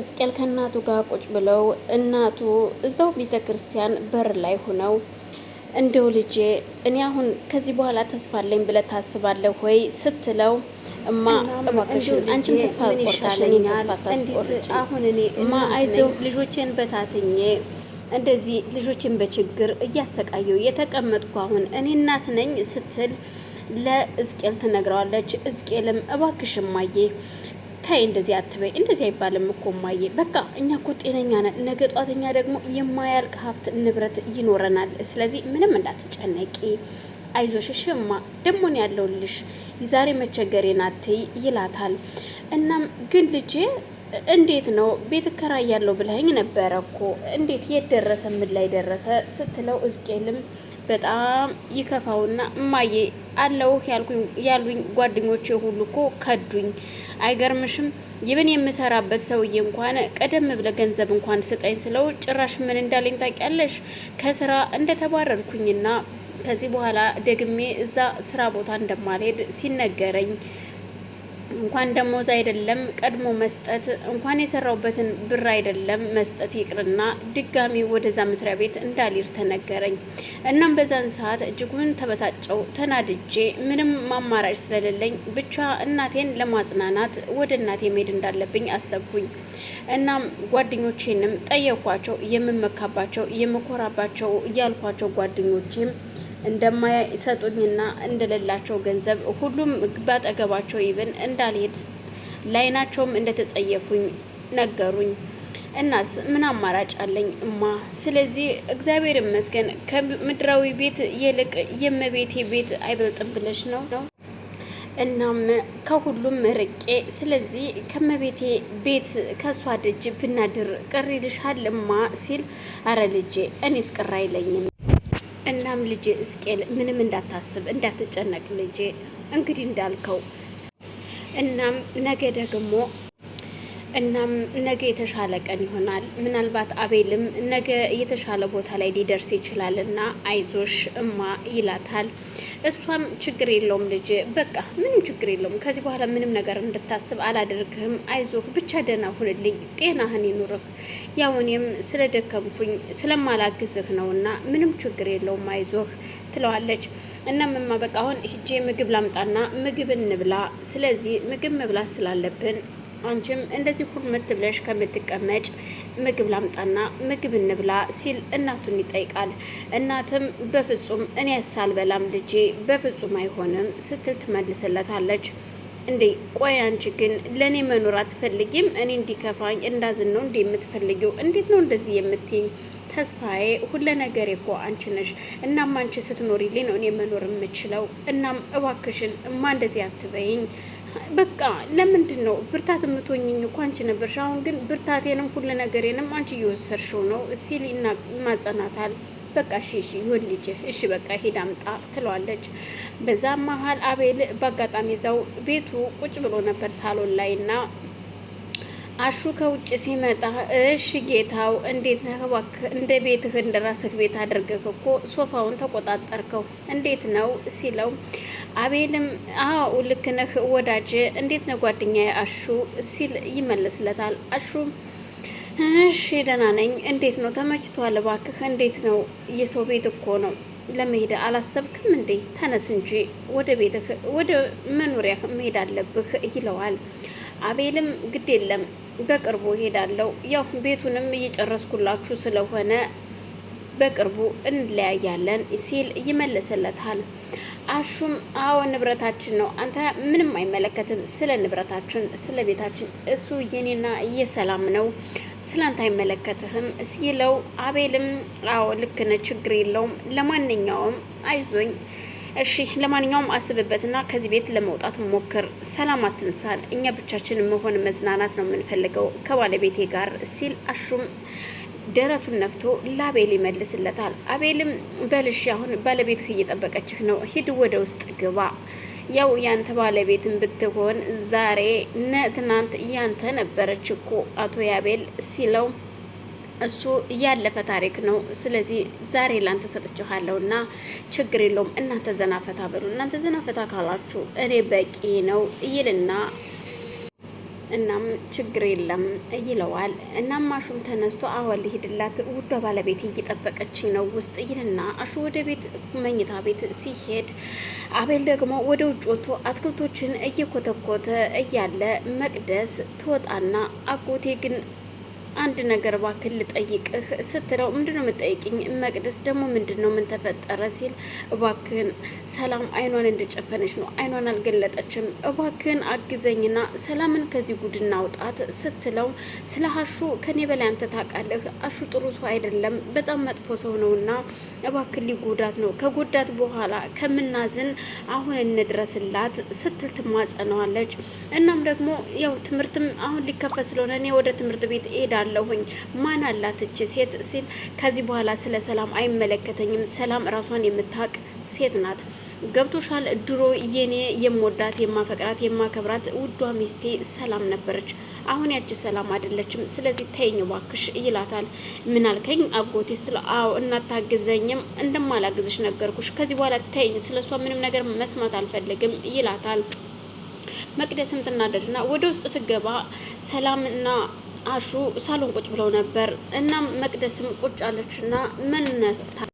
እስቄል ከእናቱ ጋር ቁጭ ብለው እናቱ እዛው ቤተ ክርስቲያን በር ላይ ሆነው እንደው ልጄ እኔ አሁን ከዚህ በኋላ ተስፋ አለኝ ብለህ ታስባለህ ወይ ስትለው እማ እባክሽን አንቺም ተስፋ ቆርጣለኝ ተስፋ ታስቆርጭ አሁን እኔ እማ አይዞህ ልጆቼን በታትኜ እንደዚህ ልጆችን በችግር እያሰቃየው የተቀመጥኩ አሁን እኔ እናት ነኝ ስትል ለእዝቄል ትነግረዋለች። እዝቄልም እባክሽማዬ ታይ እንደዚህ አትበይ፣ እንደዚህ አይባልም እኮ ማየ በቃ እኛ እኮ ጤነኛ ነን። ነገ ጧት ደግሞ የማያልቅ ሀብት ንብረት ይኖረናል። ስለዚህ ምንም እንዳትጨነቂ፣ አይዞሽ ሽማ ደሞን ያለውልሽ የዛሬ መቸገሬን አትይ ይላታል። እናም ግን ልጄ እንዴት ነው ቤት እከራያለሁ ብለኸኝ ነበረ እኮ እንዴት የት ደረሰ ምን ላይ ደረሰ ስትለው እዝቄልም በጣም ይከፋውና እማዬ አለውህ ያሉኝ ጓደኞቼ ሁሉ እኮ ከዱኝ አይገርምሽም? ይብን የምሰራበት ሰውዬ እንኳን ቀደም ብለ ገንዘብ እንኳን ስጠኝ ስለው ጭራሽ ምን እንዳለኝ ታውቂያለሽ? ከስራ እንደተባረርኩኝና ከዚህ በኋላ ደግሜ እዛ ስራ ቦታ እንደማልሄድ ሲነገረኝ እንኳን ደሞዝ አይደለም ቀድሞ መስጠት እንኳን የሰራውበትን ብር አይደለም መስጠት ይቅርና ድጋሚ ወደዛ መስሪያ ቤት እንዳልሄድ ተነገረኝ። እናም በዛን ሰዓት እጅጉን ተበሳጨው፣ ተናድጄ ምንም ማማራጭ ስለሌለኝ ብቻ እናቴን ለማጽናናት ወደ እናቴ መሄድ እንዳለብኝ አሰብኩኝ። እናም ጓደኞቼንም ጠየኳቸው። የምመካባቸው የምኮራባቸው ያልኳቸው ጓደኞቼም እንደማይሰጡኝና እንደሌላቸው ገንዘብ ሁሉም ባጠገባቸው ይብን እንዳልሄድ ላይናቸውም እንደተጸየፉኝ ነገሩኝ። እናስ ምን አማራጭ አለኝ እማ? ስለዚህ እግዚአብሔር ይመስገን ከምድራዊ ቤት ይልቅ የእመቤቴ ቤት አይበልጥም ብለሽ ነው። እናም ከሁሉም ርቄ፣ ስለዚህ ከእመቤቴ ቤት ከእሷ ደጅ ብናድር ቅር ይልሻል እማ ሲል አረ ልጄ እኔስ ቅር አይለኝም። እናም ልጄ እስቄል ምንም እንዳታስብ እንዳትጨነቅ ልጄ እንግዲህ እንዳልከው እናም ነገ ደግሞ እናም ነገ የተሻለ ቀን ይሆናል። ምናልባት አቤልም ነገ የተሻለ ቦታ ላይ ሊደርስ ይችላል እና አይዞሽ እማ ይላታል። እሷም ችግር የለውም ልጅ በቃ ምንም ችግር የለውም። ከዚህ በኋላ ምንም ነገር እንድታስብ አላደርግህም። አይዞህ ብቻ ደህና ሁንልኝ፣ ጤናህን ይኑርህ። ያው እኔም ስለደከምኩኝ ስለማላግዝህ ነውና ምንም ችግር የለውም አይዞህ ትለዋለች። እና ምማ በቃ አሁን ሂጄ ምግብ ላምጣና ምግብ እንብላ። ስለዚህ ምግብ መብላት ስላለብን አንቺም እንደዚህ ኩርምት ብለሽ ከምትቀመጭ ምግብ ላምጣና ምግብ እንብላ ሲል እናቱን ይጠይቃል። እናትም በፍጹም እኔ ሳልበላም ልጄ በፍጹም አይሆንም ስትል ትመልስለታለች። እንዴ ቆይ አንቺ ግን ለእኔ መኖር አትፈልጊም? እኔ እንዲከፋኝ እንዳዝን ነው እንዴ የምትፈልጊው? እንዴት ነው እንደዚህ የምትይኝ? ተስፋዬ ሁለ ነገር እኮ አንቺ ነሽ። እናም አንቺ ስትኖሪልኝ ነው እኔ መኖር የምችለው። እናም እባክሽን እማ እንደዚህ አትበይኝ በቃ ለምንድን ነው ብርታት የምትወኝኝ እኮ አንቺ ነበርሽ። አሁን ግን ብርታቴንም ሁሉ ነገሬንም አንቺ እየወሰድሽው ነው ሲል ይማጸናታል። በቃ እሺ እሺ ይሁን ልጅ እሺ በቃ ሂድ አምጣ ትለዋለች። በዛ መሀል አቤል በአጋጣሚ እዛው ቤቱ ቁጭ ብሎ ነበር ሳሎን ላይ ና አሹ ከውጭ ሲመጣ እሺ ጌታው እንዴት ተባክ እንደ ቤትህ እንደ ራስህ ቤት አድርገህ እኮ ሶፋውን ተቆጣጠርከው እንዴት ነው ሲለው አቤልም አዎ ልክ ነህ ወዳጅ፣ እንዴት ነው ጓደኛ አሹ ሲል ይመለስለታል። አሹም እሺ ደህና ነኝ፣ እንዴት ነው ተመችቷል? እባክህ እንዴት ነው? የሰው ቤት እኮ ነው ለመሄድ አላሰብክም እንዴ? ተነስ እንጂ ወደ ቤትህ ወደ መኖሪያህ መሄድ አለብህ ይለዋል። አቤልም ግድ የለም በቅርቡ እሄዳለሁ፣ ያው ቤቱንም እየጨረስኩላችሁ ስለሆነ በቅርቡ እንለያያለን ሲል ይመለስለታል። አሹም አዎ ንብረታችን ነው፣ አንተ ምንም አይመለከትም። ስለ ንብረታችን ስለ ቤታችን እሱ የኔና የሰላም ነው፣ ስላንተ አይመለከትህም ሲለው አቤልም አዎ ልክ ነህ፣ ችግር የለውም። ለማንኛውም አይዞኝ እሺ ለማንኛውም አስብበትና ከዚህ ቤት ለመውጣት ሞክር። ሰላም አትንሳን። እኛ ብቻችን መሆን መዝናናት ነው የምንፈልገው ከባለቤቴ ጋር ሲል አሹም ደረቱን ነፍቶ ለአቤል ይመልስለታል። አቤልም በልሽ አሁን ባለቤትህ እየጠበቀችህ ነው፣ ሂድ ወደ ውስጥ ግባ። ያው ያንተ ባለቤትን ብትሆን ዛሬ ነ ትናንት ያንተ ነበረች እኮ አቶ ያቤል ሲለው እሱ ያለፈ ታሪክ ነው። ስለዚህ ዛሬ ላንተ ሰጥችኋለሁ እና ችግር የለውም እናንተ ዘናፈታ በሉ እናንተ ዘናፈታ ካላችሁ እኔ በቂ ነው ይልና እናም ችግር የለም ይለዋል። እናም አሹም ተነስቶ አሁን ሄድላት ውዷ ባለቤት እየጠበቀች ነው ውስጥ ይልና አሹ ወደ ቤት መኝታ ቤት ሲሄድ አቤል ደግሞ ወደ ውጭ ወጥቶ አትክልቶችን እየኮተኮተ እያለ መቅደስ ትወጣና አጎቴ ግን አንድ ነገር እባክህ ልጠይቅህ ስትለው ምንድን ነው የምጠይቅኝ? መቅደስ ደግሞ ምንድን ነው ምን ተፈጠረ ሲል እባክህን ሰላም አይኗን እንደጨፈነች ነው አይኗን አልገለጠችም። እባክህን አግዘኝና ሰላምን ከዚህ ጉድ አውጣት ስትለው ስለ ሀሹ ከኔ በላይ አንተ ታውቃለህ። አሹ ጥሩ ሰው አይደለም፣ በጣም መጥፎ ሰው ነውና እባክህ ሊጎዳት ነው። ከጎዳት በኋላ ከምናዝን አሁን እንድረስላት ስትል ትማጸነዋለች። እናም ደግሞ ያው ትምህርትም አሁን ሊከፈት ስለሆነ እኔ ወደ ትምህርት ቤት ሄዳ እላለሁኝ። ማን አላት እች ሴት ሲል ከዚህ በኋላ ስለ ሰላም አይመለከተኝም። ሰላም ራሷን የምታውቅ ሴት ናት። ገብቶሻል? ድሮ የኔ የምወዳት የማፈቅራት የማከብራት ውዷ ሚስቴ ሰላም ነበረች። አሁን ያቺ ሰላም አይደለችም። ስለዚህ ተይኝ ባክሽ ይላታል። ምን አልከኝ አጎቴ ስትል፣ አዎ እናታግዘኝም እንደማላግዝሽ ነገርኩሽ። ከዚህ በኋላ ተይኝ፣ ስለሷ ምንም ነገር መስማት አልፈልግም ይላታል። መቅደስም ትናደድና ወደ ውስጥ ስገባ ሰላምና አሹ ሳሎን ቁጭ ብለው ነበር። እናም መቅደስም ቁጭ አለችና ምን